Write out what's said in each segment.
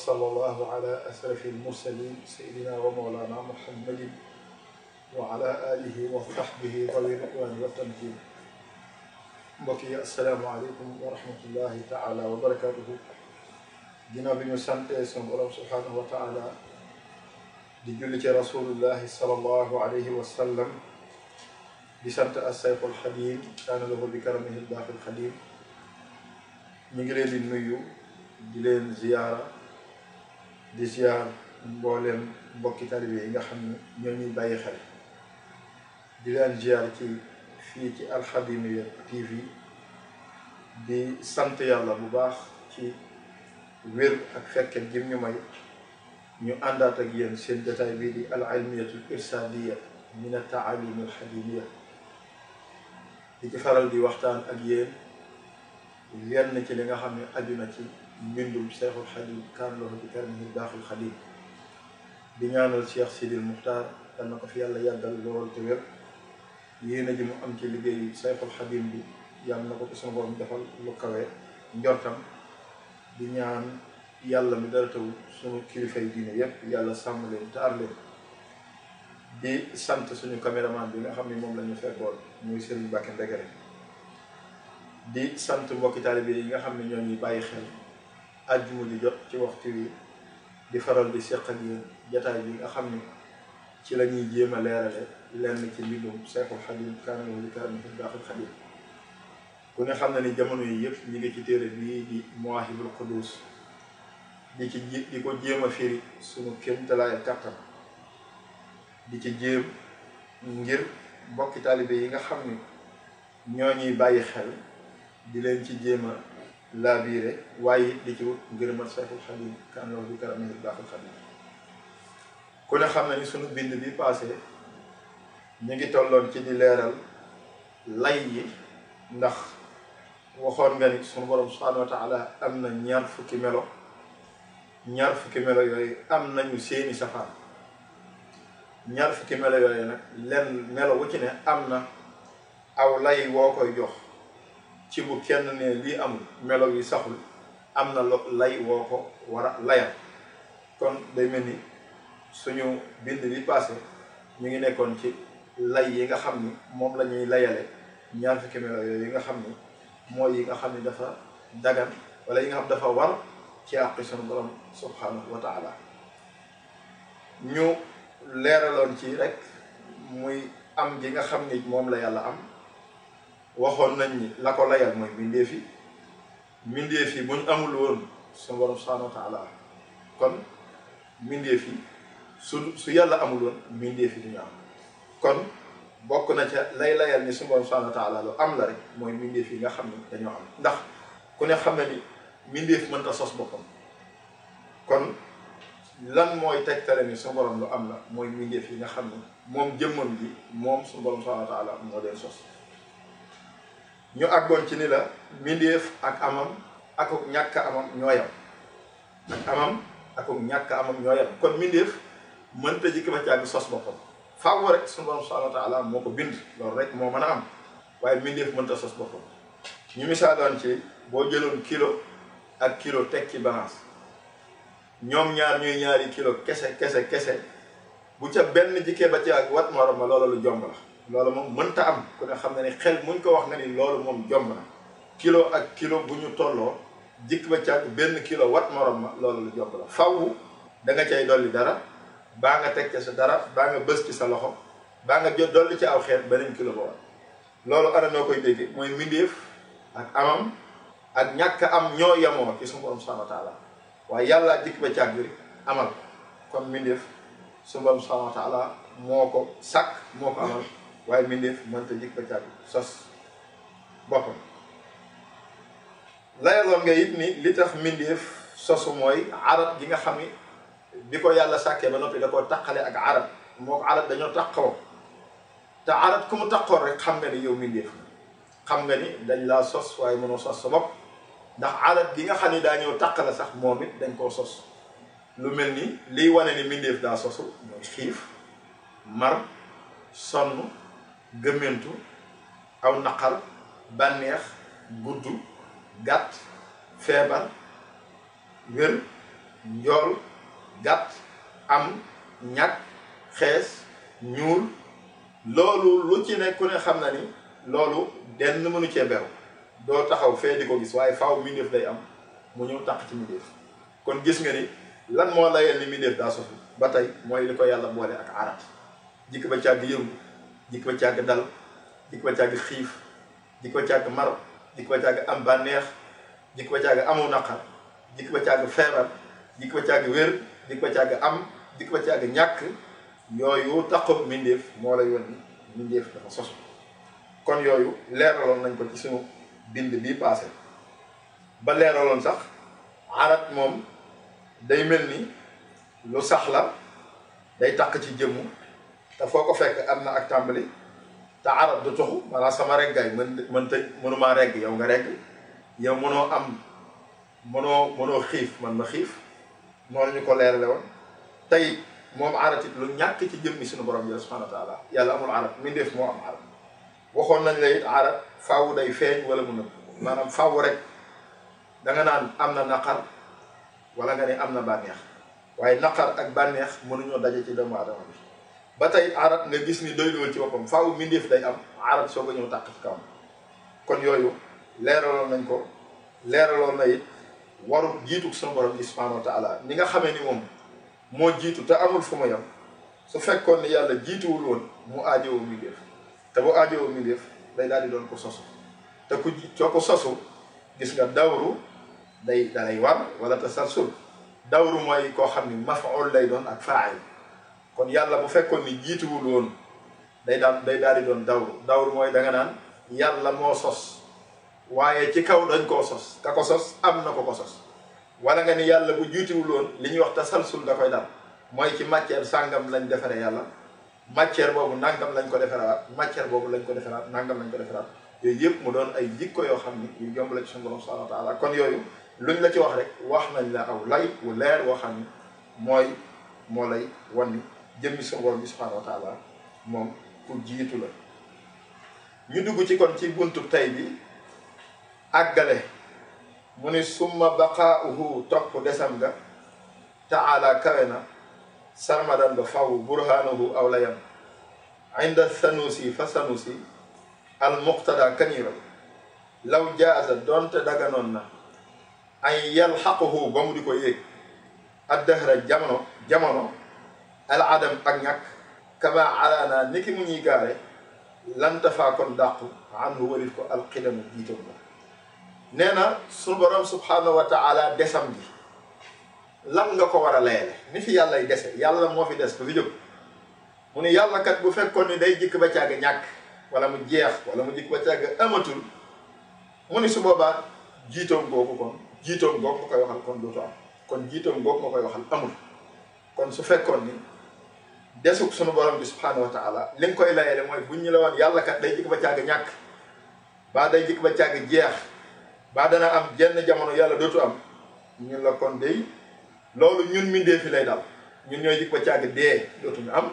وصلى الله على أسرف المرسلين سيدنا ومولانا محمد وعلى آله وصحبه ضوي رقوان وتمثيل بكي السلام عليكم ورحمة الله تعالى وبركاته جناب يسان تيسان الله سبحانه وتعالى دجلة رسول الله صلى الله عليه وسلم بسنت السيف الحديد كان له بكرمه الداخل الخديم من غير النيو دلين زياره di ziar mbooleem mbokki talibe yi nga xam ne ñoo ñuy bàyyi xel di leen ziar ci fii ci alxadimiya tv di sant yàlla bu baax ci wér ak fekket jim ñu may ñu àndaat ak yéen seen jataay bii di al ilmiyatu irsaadiya min al taalim al xadimiya ci faral di waxtaan ak yéen yenn ci li nga xam ne aju na ci منذ الشيخ الحديد كان له ذكر من الداخل الخليج بنيان الشيخ سيدي المختار أن في الله يدل لول تبير يين جم أم كي لجي الشيخ الحديد بي يام نكو تسمع بام دخل لكوا نجرتم بنيان يالله مدرتو سنو كيف يدين يب يالله ساملين تارلين دي سنت سنو كاميرا مان بي نخم مي مملا نفير بول موي سيرن باكن دغري دي سنت بوكي طالب يي nga xamni ñoo ñi bayyi xel ajjuma ju jot ci waxtu wi di faral di seq ak yéen jataay bi nga xam ne ci la ñuy jéem a leerale lenn ci mbindum Seexul Xadim kaamil li karam fi baaxul Xadim ku ne xam na ni jamono yi yëpp ñi ngi ci téere bii di Mawahibul Quddus di ci di ko jéem a firi sunu kéemtalaay kàttan di ci jéem ngir mbokki taalibe yi nga xam ni ñoo ñuy bàyyi xel di leen ci jéem a laabiire waaye it di ci wut ngërëmal Seexul Xadim kan loolu bi karam ngir baaxul Xadim ku ne xam na ni sunu bind bi passé ñu ngi tolloon ci di leeral lay yi ndax waxoon nga ni sunu borom subhanahu wa taala am na ñaar fukki melo ñaar fukki melo yooyu am nañu seeni safaan ñaar fukki melo yooyu nag lenn melo wu ci ne am na aw lay woo koy jox ci bu kenn ne lii amul melo yi saxul am na lo lay woo ko wara a layal kon day mel ni suñu bind bi passé ñu ngi nekkoon ci lay yi nga xam ni moom la ñuy layale ñaar fukki melo yooyu yi nga xam ni mooy yi nga xam ni dafa dagan wala yi nga xam dafa war ci àqi sunu borom subhanahu wa ñu leeraloon ci rek muy am ji nga xam ni moom la yàlla am waxoon nañ ni la ko layal mooy mbindeef yi mbindeef yi buñ amul woon suñu borom subhanahu wa taala kon mbindeef yi su su yàlla amul woon mbindeef yi duñu am kon bokk na ca lay layal ni suñu borom subhanahu wa taala lu am la rek mooy mbindeef yi nga xam ne dañoo am ndax ku ne xam ne ni mbindeef mënta sos boppam kon lan mooy tegtale ni suñu borom lu am la mooy mbindeef yi nga xam ne moom jëmmam ji moom suñu borom subhanahu wa taala moo leen sos ñu àggoon ci ni la mbindeef ak amam akuk ñàkk amam ñoo yem ak amam akuk ñàkk amam ñoo yem kon mbindeef mënta jikki ba càgg sos boppam faaw rek suñu borom subhanahu wa moo ko bind loolu rek moo mën a am waaye mbindeef mënta sos boppam ñu misaaloon ci boo jëloon kilo ak kilo teg ci balance ñoom ñaar ñuy ñaari kilo kese kese kese bu ca benn jikkee ba ci ak wat ma loola lu jomb la loolu moom mënta am ku ne xam na ni xel muñ ko wax na ni loolu moom jom na kilo ak kilo bu ñu tolloo jikk ba càgg benn kilo wat morom ma loolu lu jomb la faw da nga cay dolli dara baa nga teg ca sa dara baa nga bës ci sa loxo baa nga jot dolli ci aw xeet beneen kilo ba wat loolu ana noo koy déggee mooy mbindeef ak amam ak ñàkk am ñoo yemoo ci sun borom subhanahu wa taala waaye yàlla jikk ba càgg bi amal kon mbindeef sun borom subhanahu wa taala moo ko sàkk moo ko amal waaye mbindeef mënta yëkkataatu sos boppam layaloon nga it ni li tax mbindeef sosu mooy arab gi nga xam ni bi ko yàlla sàkkee ba noppi da koo taqale ak arab moo ko arab dañoo taqoo te arab ku mu taqoon rek xam nga ni yow mbindeef xam nga ni dañ laa sos waaye mënoo sos sa bopp ndax arab gi nga xam ni daa ñëw taqale sax moom it dañ koo sos lu mel ni liy wane ni mbindeef daa sosu mooy xiif mar sonn gëmmentu aw naqar bànneex gudd gàtt feebar wér njool gàtt am ñàkk xees ñuul loolu lu ci ne ku ne xam na ni loolu denn mënu cee beru doo taxaw fee di ko gis waaye faaw mbindeef day am mu ñëw taq ci mbindeef kon gis nga ni lan moo layel ni mbindeef daa sofu ba tey mooy li ko yàlla boole ak arat jikk ba càgg yëngu diko ko dal diko ko xif diko xiif mar diko ko am banex diko ko amu naqar diko ko febar diko wer diko am diko ko ñak yoyu taqab mindef mo mindeef lay ni dafa sos kon yoyu leralon nañ ko ci suñu bind bi passé ba leralon sax arat mom day melni ni lu sax la day tak ci te foo ko fekk am na ak tàmbali te arab du tuxu maanaam sama reggaay mën mën tëj maa regg yow nga regg yow mënoo am mënoo mënoo xiif man ma xiif moo ñu ko leerale woon tey moom arab it lu ñàkk ci jëmmi suñu borom jël subhanahu wa yàlla amul arab mi ndéef moo am arab waxoon nañ lay it fawu day feeñ wala mu maanaam fawu rek danga nga naan am na naqar wala nga ne am na bànneex waaye naqar ak bànneex mënuñoo daje ci doomu aadama bi ba tey arat nga gis ni doyluwul ci boppam faaw mbindeef day am arat soo ko ñëw tàq ci kawam kon yooyu leeraloon nañ ko leeraloon na it jiitu sunu borom bi subhanahu wa nga xamee ni moom moo jiitu te amul fu su fekkoon ni yàlla jiituwul woon mu aajowoo mbindeef te bu aajowoo mbindeef day daal di doon ko sosu te ku soo ko sosu gis nga dawru day dalay war wala te sarsul dawru mooy koo xam ni mafaul day doon ak faay kon yàlla bu fekkoon ni jiituwul woon day daal day daal di doon dawru dawru mooy da nga naan yàlla moo sos waaye ci kaw dañ koo sos ka ko sos am na ko ko sos wala nga ni yàlla bu jiituwul woon li ñuy wax tasalsul da koy daal mooy ci matière sàngam lañ defaree yàlla matière boobu nangam lañ ko defaraat matière boobu lañ ko defaraat nàngam lañ ko defaraat yooyu yëpp mu doon ay jikko yoo xam ne yu jomb la ci suñu borom subhanahu wa kon yooyu luñ la ci wax wax nañ la aw lay wu leer woo xam ni mooy moo lay jëmmi suñu borom bi subhaanahu wa taala moom ku jiitu la ñu dugg ci kon ci buntu tey bi àggale mu ni summa baqaauhu topp desam nga taala kawe na sarmadan ba faw burhaanuhu aw layam inda sanusi fa sanusi al muqtada kaniira law jaaza doonte daganoon na ay yalxaquhu ba mu di ko yéeg addahra jamono jamono al adam ak ñàkk kama alaana niki mu ñuy gaare lantafaa kon dàqu warit ko alqidamu jiitam la nee na borom subhanahu wa desam bi lan nga ko war a layale ni fi yàllay dese yàlla moo fi des ba fi jóg mu ne yàlla bu fekkoon ni day jikk ba càgg ñàkk wala mu jeex wala mu jikk ba càgg amatul mu ni su boobaa jiitoom googu kon jiitoom googu ma koy waxal kon dootu am kon jiitoom googu ma koy waxal amul kon su fekkoon ni desug sunu borom bi subhaanahu wa taala li nga koy layele mooy bu ñu la woon yàlla kat day jikk ba càgg ñàkk baa day jikk ba càgg jeex baa dana am jenn jamono yàlla dootu am ñu la kon day loolu ñun mindee fi lay daal ñu ñooy jikk ba càgg dee dootuñu am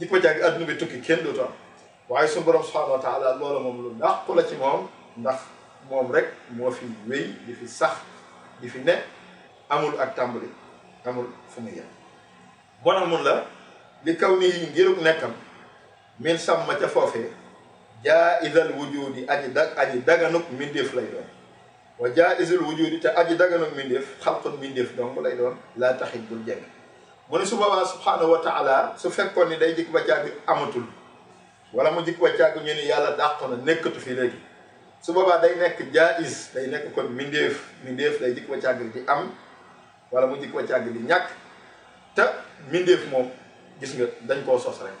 jikk ba càgg adduna bi tukki kenn dootu am waaye sunu borom subhaanahu wa taala loola moom lu ndàqu la ci moom ndax moom rek moo fi wéy di fi sax di fi ne amul ak tàmbali amul fu mu yem bon amun la li kaw nii ngirug nekkam min sàmm ca foofee jaa isal wujudi aji dag aji daganuk mbindéef lay doon wa jaa isal wujudi te aji daganuk mbindéef xalqun mbindéef dong lay doon laa taxit bul jeng mu ne su boobaa subhanahu wa taala su fekkoon ni day jikk ba càgg amatul wala mu jikk ba càgg ñu ni yàlla dàq na nekkatu fi léegi su boobaa day nekk jaayis day nekk kon mbindéef mbindéef day jikk ba càgg di am wala mu jikk ba càgg di ñàkk te mbindéef moom gis nga dañ koo sos rek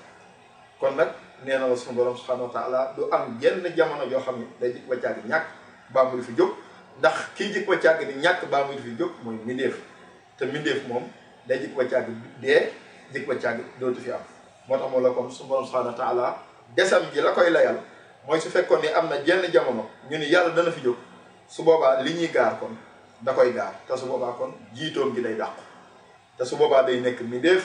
kon nag nee na la suñu borom subhanahu wa du am jenn jamono joo xam ne day jëkk ba càgg ñàkk baamu di fi jóg ndax kii jëkk ba càgg di ñàkk baamu di fi jóg mooy mindeef te mindeef moom day jëkk ba càgg dee jëkk ba càgg dootu fi am moo tax moo la comme suñu borom subhanahu wa taala desam ji la koy layal mooy su fekkoon ni am na jenn jamono ñu ni yàlla dana fi jóg su boobaa li ñuy gaar kon da koy gaar te su boobaa kon jiitoom gi day dàqu te su boobaa day nekk mindeef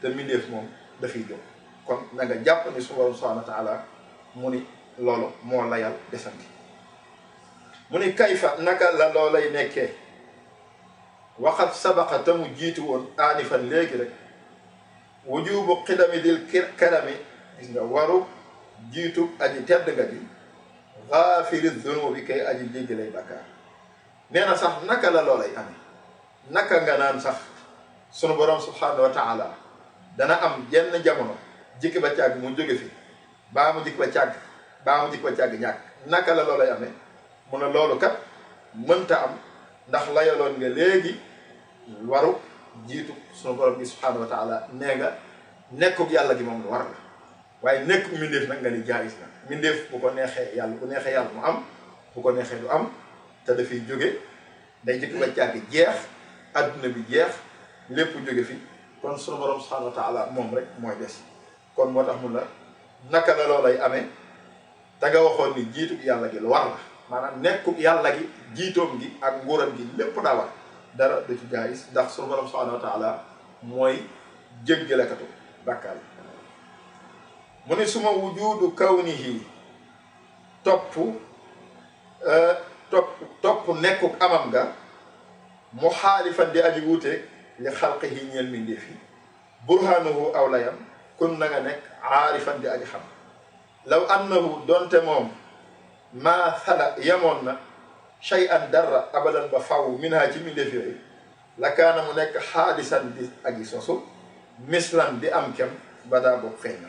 te mbindeef moom dafiy jóg kon na nga jàpp ni suñu borom subhanahu wa taala mu ni loolu moo layal desanti mu ni kayfa naka la loolay nekkee waxat sabaqa te mu jiitu woon aanifan léegi rek wujubu xidami dil karami gis nga waru jiitu aji tedd nga ji xaafiri zunubi kay aji jéggi lay bakkaar nee na sax naka la loolay amee naka nga naan sax sunu borom subhanahu wa taala dana am jenn jamono jikki ba càgg mu jóge fi baa mu jikki ba càgg baa mu jikki ba càgg ñàkk naka la loolay amee mu ne loolu kat mënta am ndax layaloon nga léegi waru jiitu sunu borom bi subhaanahu wa taala nee nga nekkuk yàlla gi moom lu war la waaye nekk mbindeef nag nga ni jaayis na mbindeef bu ko neexee yàlla bu neexee yàlla mu am bu ko neexee lu am te dafiy jóge day jëkk ba càgg jeex àdduna bi jeex lépp jóge fi kon sunu borom subhanahu wa taala mom rek moy dess kon motax mu la naka la lolay amé ta nga waxoon ni jiitub yalla gi lu war la manam nekku yalla gi jitom gi ak nguuram gi lepp da war dara du ci jaayis ndax sunu borom subhanahu wa taala moy jéggalekatu bàkkaar yi mu ne suma wujudu kawnihi euh top top nekku amam ga muhalifan di aji wute li xalqihi ñeel mbindeef yi burhaanahu aw layam kun na nga nekk aarifan di aji xam law annahu doonte moom maa sala yemoon na shay an dara abadan ba faw minha ci mbindeef yooyu la kaana mu nekk xaadisan di aji sosu mislan di am kem ba daa bokk feeñ na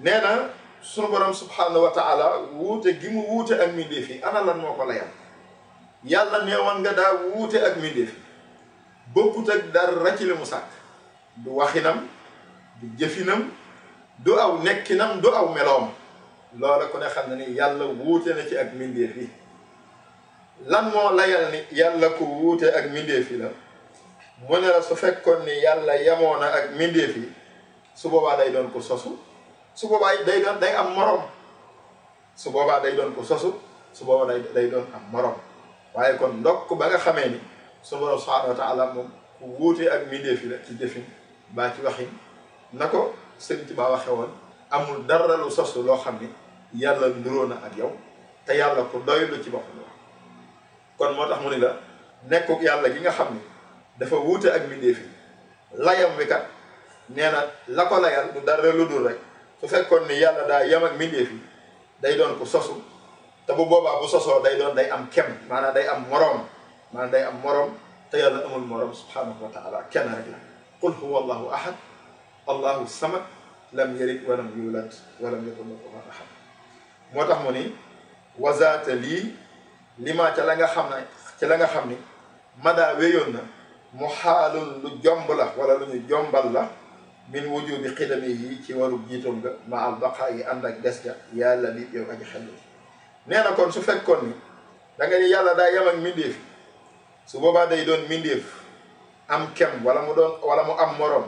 nee na sunu borom subhanahu wa taala wuute gi mu wuute ak mbindeef yi ana lan moo ko layam yàlla neewoon nga daa wuute ak mbindeef yi bokkut ak dara ci li mu sàkk du waxinam du jëfinam du aw nekkinam du aw meloom loola ku ne xam ne ni yàlla wuute na ci ak mbindeef yi lan moo layal ni yàlla ku wuute ak mbindeef yi la mu ne la su fekkoon ni yàlla yemoo na ak mbindeef yi su boobaa day doon ko sosu su boobaa day doon day am morom su boobaa day doon ko sosu su boobaa day day doon am morom waaye kon ndokk ba nga xamee ni suñu borom subhanahu wa taala moom ku wuutee ak mbindeef yi la ci jëfin baa ci waxin na ko sëñ ci baa waxe woon amul dara lu sosu loo xam ni yàlla nuroo na ak yow te yàlla ku doylu ci boppam la kon moo tax mu ni la nekkuk yàlla gi nga xam ni dafa wuute ak mbindeef yi layam wi kat nee na la ko layal du dara lu dul rek su fekkoon ni yàlla daa yem ak mbindeef yi day doon ku sosu te bu boobaa bu sosoo day doon day am kem maanaam day am moroom من داي مروم تيالا امول مروم سبحانه وتعالى كان رجلا قل هو الله احد الله الصمد لم يلد ولم يولد ولم يكن له احد موتاخ موني وزات لي لما تا لاغا خامنا تا لاغا خامني مدا ويونا محال لو الله ولا لو جومبال لا من وجود قدمه تي ورو جيتوم مع البقاء عندك دسجا يا لبيب يو اجي خلو نينا كون سو فيكون ni da nga ni yalla da yam ak mindeef su boba day don mindeef am kem wala mu don wala mu am morom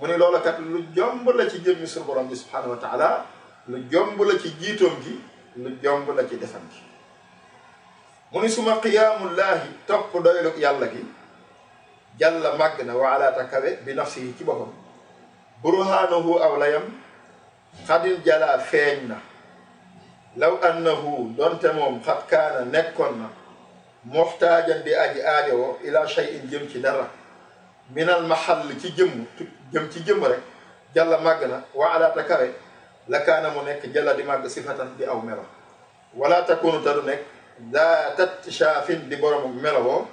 mu ni kat lu jomb la ci jëmmi su borom bi subhanahu wa taala lu jomb la ci jitom gi lu jomb la ci defam gi mu ni suma lahi top doylug yàlla gi jàlla magna wa ala kawe bi nafsi ci bopam burhaanahu aw layam xadil jalaa feeñ law annahu donte mom khat kana nekkon na محتاجا دي اجي اجي الى شيء جيم تي دار من المحل تي جيم جيم تي جيم رك جلا ماغنا وعلى تكره لكان منك جلا دي ماغ صفه دي او مرا ولا تكون ترنك ذات تشاف دي بروم ملو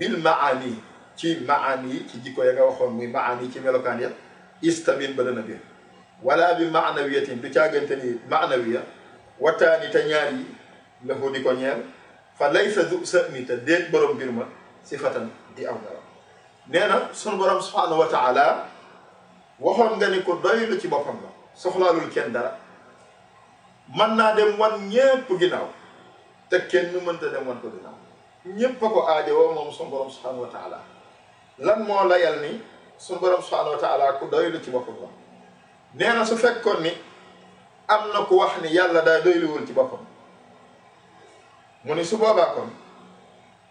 بالمعاني تي معاني تي جيكو ياغا وخون مي معاني تي ملو كان يت استبين ولا بمعنويه بتاغنتني معنويه وتاني تنياري لهو ديكو فليس ذو سأم تدين برم برم صفة دي أو نرى نانا سن برم سبحانه وتعالى وخون غني كو دوي لو تي بوفام سوخلا لول كين دارا من نا ديم وان نييب غيناو تا كين نو مانتا ديم وان كو غيناو نييب فكو ادي و موم سن برم سبحانه وتعالى لان مو لا يالني سن برم سبحانه وتعالى كو دوي لو تي بوفام نانا سو فيكون ني دا دوي لول تي mu ni su boobaa kon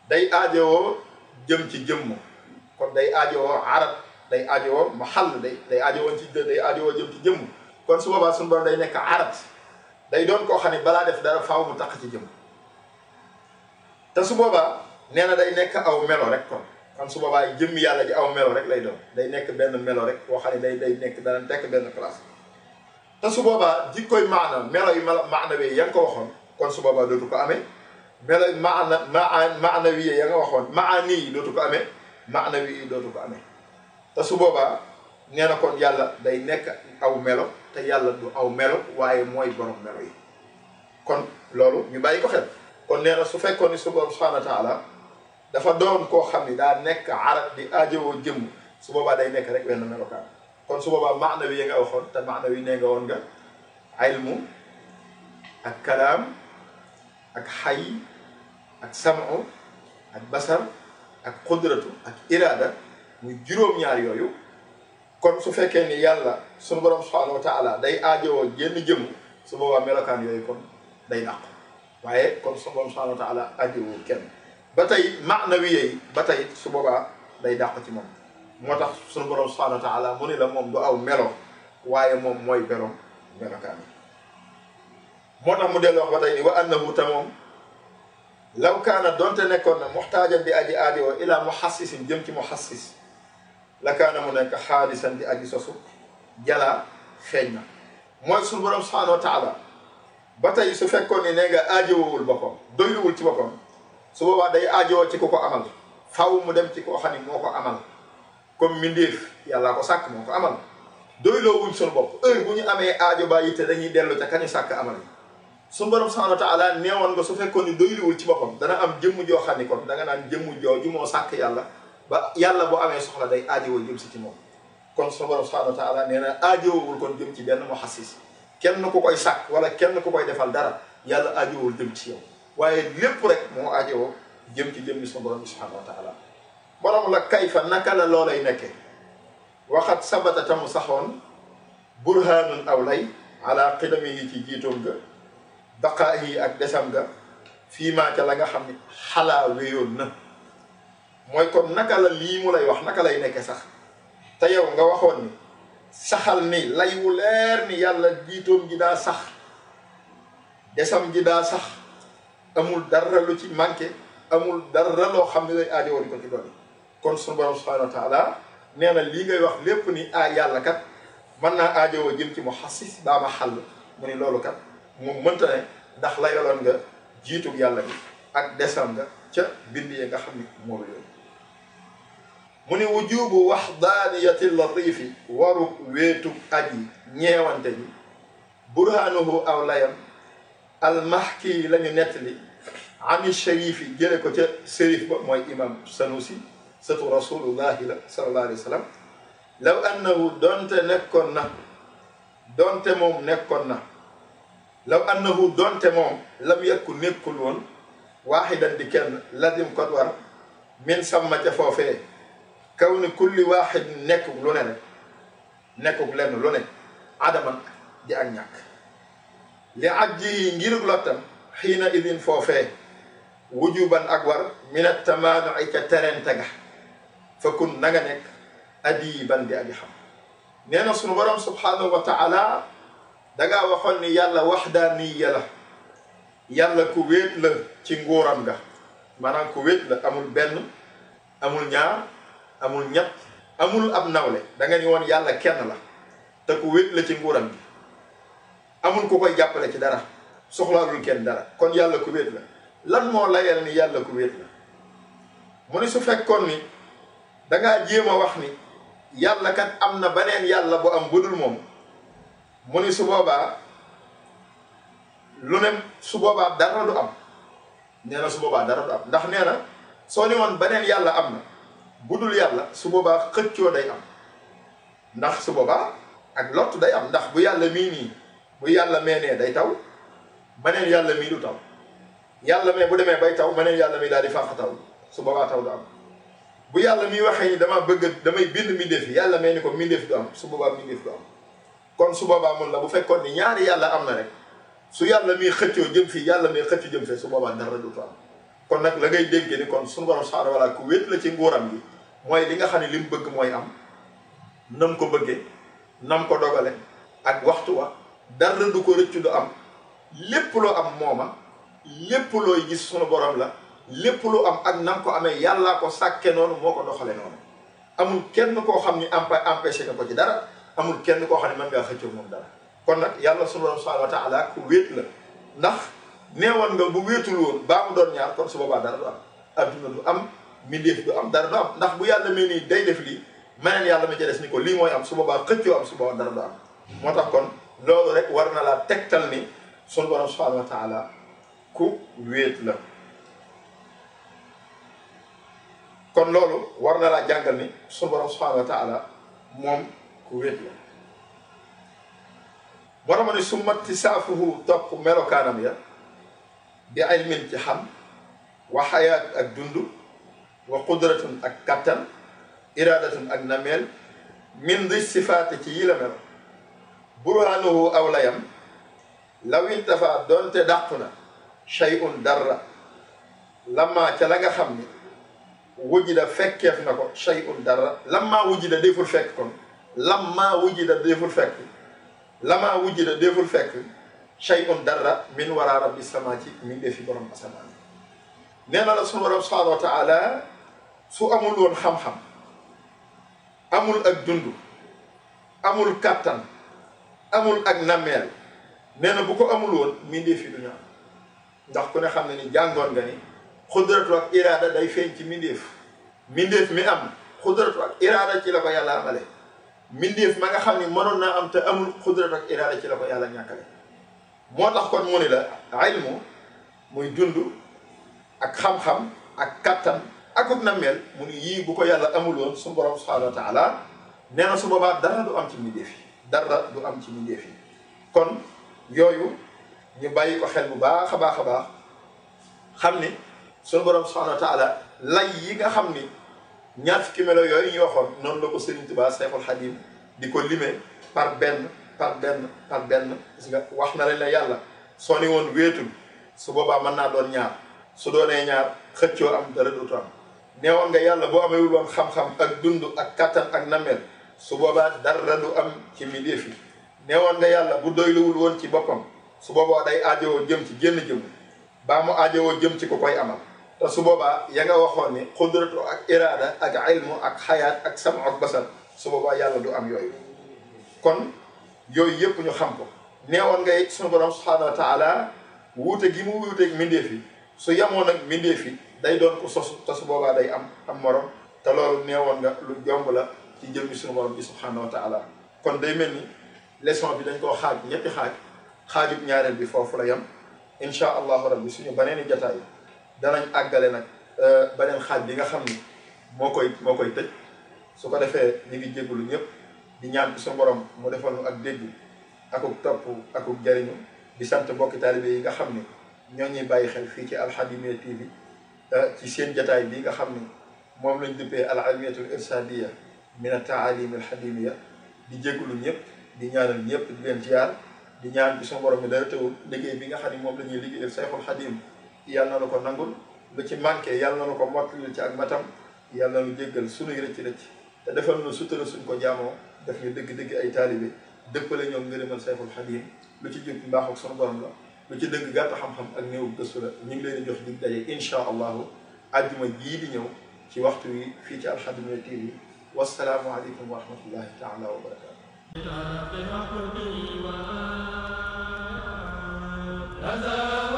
day aajowoo jëm ci jëm kon day aajowoo arab day aajowoo mahall day day aajowoo ci day aajowoo jëm ci jëmm kon su boobaa suñu borom day nekk arab day doon koo xam ne balaa def dara faaw taq ci jëmm te su boobaa nee na day nekk aw melo rek kon kon su boobaa jëmm yàlla ji aw melo rek lay doon day nekk benn melo rek koo xam ne day day nekk dana tekk benn place te su boobaa jikkooy maana melo yi melo maana bi ya nga ko waxoon kon su boobaa dootu ko amee melo maana maa maanawiya ya nga waxoon maani yi dootu ko amee maanawi yi dootu ko amee te su boobaa nee yàlla day nekk melo te yàlla du aw melo waaye mooy borom melo yi kon loolu ñu bàyyi ko kon nee su fekkoon ni su borom dafa doon koo xam ni daa nekk arab di aajowoo jëmm su boobaa day nekk rek kon su boobaa maanawi ya nga waxoon te maanawi nee nga woon nga ilmu ak kalaam ak xay ak samu ak basar ak xudratu ak iraada muy juróom-ñaar yoyu kon su fekke ni yàlla sunu borom subhanahu wa taala day wo genn jëm su boobaa melokaan yoyu kon day nàq waye kon sunu borom subhanahu wa taala wo kenn batay ma'nawi yi batay tey su boobaa day dàq ci mom motax tax sunu borom subhanahu wa taala mu ni la mom do aw melo waye mom moy berom melokaan yi moo tax mu delloo wax ba tey ni wa annahu ta moom law kaana donte nekkoon na muxtaajan di aji aajowoo ilaa muxassisin jëm ci muxassis la kaana mu nekk xaadisan di aji sosu jalaa feeñ na mooy suñu borom subhanahu wa taala ba tey su fekkoon ni nee nga aajowowul boppam doyluwul ci boppam su boobaa day aajowoo ci ku ko amal faw mu dem ci koo xam ni moo ko amal comme mbindéef yàllaa ko sàkk moo ko amal doyloo wuñ suñu bopp heure bu ñu amee aajo baa yitte dañuy dellu ca kañu sàkk amal su borom subhanahu wa taala neewoon nga su fekkoon ni doyluwul ci boppam dana am jëmm joo xam ni kon danga naan jëmm jooju moo sàkk yàlla ba yàlla boo amee soxla day aajowoo jëm si ci moom kon su borom subhanahu wa nee na aajowul kon jëm ci benn mu xasis kenn ko koy sàkk wala kenn ku koy defal dara yàlla aajowul jëm ci yow waaye lépp rek moo aajowoo jëm ci jëm ni su borom bi subhanahu wa taala borom la kayfa naka la loolay nekke waxat sabata tamu saxoon burhanun aw lay ala xidami yi ci jiitoom ga baqaa yi ak desam ga fii maa ca la nga xam ni xalaa wéyoon na mooy kon naka la lii mu lay wax naka lay nekk sax te yow nga waxoon ni saxal ni lay wu leer ni yàlla jiitoom gi daa sax desam gi daal sax amul dara lu ci manqué amul dara loo xam ne lay aajowoo di ko ci doon kon sunu borom subhanahu wa nee na lii ngay wax lépp ni ah yàlla kat man naa aajowoo jëm ci mu xasis baa ma xal mu ni loolu kat moom mënta ne ndax la yoroon nga jiitub yàlla bi ak desam nga ca bind yi nga xam ni moo la yoon mu ni wujubu waxdaaniyati latifi waru wéetub aji ñeewante ji burhaanuhu aw layam almahki yi la ñu nettali ami sharif yi jële ko ca sérif ba mooy imam sanusi sëtu rasulullahi la sallallahu alayhi wa sallam law annahu donte nekkoon na donte moom nekkoon na لو أنه دون تمام لم يكن نكون واحدا دكان لازم قدور من سما جفافة كون كل واحد نكب لونه نكب لونه لونه عدما دي أنيك لعجي ينجر غلطن حين إذن فافة وجوبا أقوار من التمانع كترين تجح فكن نغنك أديبا دي أبيحم لأن سنبرم سبحانه وتعالى dangaa waxoon ni yàlla waxdaaniya la yàlla ku wéet la ci nguuram nga maanaam ku wéet la amul benn amul ñaar amul ñett amul ab nawle da nga ni woon yàlla kenn la te ku wéet la ci nguuram gi amul ku koy jàppale ci dara soxlaalul kenn dara kon yàlla ku wéet la lan moo layal ni yàlla ku wéet la mu ni su fekkoon ni dangaa jéem wax ni yàlla kat am na beneen yàlla bu am budul moom mu ni su boobaa lu ne su boobaa dara du am nee na su boobaa dara du am ndax nee na soo ni woon beneen yàlla am na bu dul yàlla su boobaa xëccoo day am ndax su boobaa ak lott day am ndax bu yàlla mii nii bu yàlla meenee day taw beneen yàlla mii du taw yàlla mee bu demee bay taw beneen yàlla mii daal di fàq taw su boobaa taw du am bu yàlla mii waxee ni dama bëgg damay bind mbindeef yi yàlla mee ni ko mbindeef du am su boobaa mbindeef du am kon su boobaa mon la bu fekkon ni ñaari yàlla amna rek su yàlla mi xëccio jëm fi yàlla mi xëccio jëm fi su boobaa dara du fa kon nak la ngay déggee ni kon suñu borom saara wala ku wét la ci nguuram gi moy li nga xani lim bëgg moy am nam ko bëggé nam ko dogale ak waxtu wa dara du ko rëccu du am lépp lo am moma lépp looy gis sunu borom la lépp lo am ak nam ko amé yalla ko sàkke non moko doxale non amul kenn ko xamni ni empêché nga ko ci dara amul kenn koo xam ne mën ngaa xëccoo moom dara kon nag yàlla sunu borom subhanahu wa ku wéet la ndax neewoon nga bu wéetul woon doon ñaar kon su boobaa dara du am adduna du am mbindeef am dara du am ndax bu yàlla mel nii day def lii maneen yàlla ma jëlee des ni ko lii mooy am su boobaa xëccoo am su boobaa dara du am moo tax kon loolu rek war na laa tegtal ni sunu borom subhanahu wa taala ku wéet la kon loolu war na laa jàngal ni sunu borom subhanahu wa taala moom ku wet la borom ne su matti saafuhu topp melokaanam ya bi ilmin ci xam wa xayaat ak dund wa qudratun ak kattan iraadatun ak nameel min di sifaati ci yi la mel burhaanuhu aw layam law intafa doonte dàqu na shay'un darra lamma ca la nga xam ni wujida fekkeef na ko shay'un darra lamma wujida deful fekk kon lamma wujida déeful fekk lama wujida déeful fekk shay'un dara min wara rabbi sama ci mi ngi fi borom asamaan nee na la sunu borom subhanahu wa taala su amul woon xam-xam amul ak dund amul kàttan amul ak nammeel nee na bu ko amul woon mi ngi fi du ñu am ndax ku ne xam ne ni jàngoon nga ni xudratu ak iraada day feeñ ci mindeef mindeef mi am xudratu ak iraada ci la ko yàlla amale mbindeef ma nga xam ne mënoon naa am te amul xudrat ak iraada ci la ko yàlla ñàkkale moo tax kon mu ni la ilmu muy dund ak xam-xam ak kattan akut na mel mu ni yii bu ko yàlla amul woon suñu borom subhanahu wa taala nee na su boobaa dara du am ci mbindeef yi dara du am ci mbindeef yi kon yooyu ñu bàyyi ko xel bu baax a baax a baax xam ni suñu borom subhanahu wa taala lay yi nga xam ni ñaar fukki melo yooyu ñu waxoon noonu la ko Serigne Touba Seexul Xadim di ko limee par benn par benn par benn parce que wax na leen ne yàlla soo ni woon wéetul su boobaa mën naa doon ñaar su doonee ñaar xëccoo am dara dootu am neewoon nga yàlla boo amewul woon xam-xam ak dund ak kattan ak nameel su boobaa dara du am ci milieu fi neewoon nga yàlla bu doyluwul woon ci boppam su boobaa day aajowoo jëm ci génn jëm baa mu aajowoo jëm ci ku koy amal te su boobaa ya nga waxoon ni xudratu ak iraada ak ilmu ak xayaat ak sama ak basar su boobaa yàlla du am yooyu kon yooyu yëpp ñu xam ko neewoon nga it sunu borom subhanahu wa taala wuute gi mu wuuteeg mbindeef yi su yamoon ak mbindeef yi day doon ko sos te su boobaa day am am morom te loolu neewoon nga lu jomb la ci jëmmi sunu borom bi subhanahu wa taala kon day mel ni leçon bi dañ koo xaaj ñetti xaaj xaajub ñaareel bi foofu la yem incha allahu rabbi suñu baneeni jataay danañ nak euh beneen xaj bi nga xamni ni moo koy moo koy tëj su ko defé ñu ngi djéggulu ñëpp di ñaan ci sa borom mu defal ñu ak dégg ak ak top ak ak jariñu di sant bokk talibé yi nga xamni ñoo ñi bayyi xel fi ci al hadimiyya tv euh ci seen jotaay bi nga xamni mom lañ duppee al almiyatul irsadiyya min a taalim al hadimiyya di djéggulu ñëpp di ñaanal ñëpp di len ziar di ñaan ci sa borom mi dara tawul liggéey bi nga xamni mom moom la ñuy liggéeyal sayxul xadim yàlla na nu ko nangul lu ci manqué yàlla na nu ko mottalil ci ak matam yàlla na nu jéggal sunuy rëcc rëcc te defal nu sutura suñ ko jaamoo def ñu dëgg-dëgg ay taalibe dëppale ñoom ngërëmal sayful xadim lu ci jub mbaax ak sunu borom la lu ci dëgg gàtt xam-xam ak néew gëstu la ñu ngi leen di jox dig daje insha allahu àjjuma jii di ñëw ci waxtu wi fii ci alxadimiya tv wasalaamu aleykum wa rahmatullahi taala wa barakatu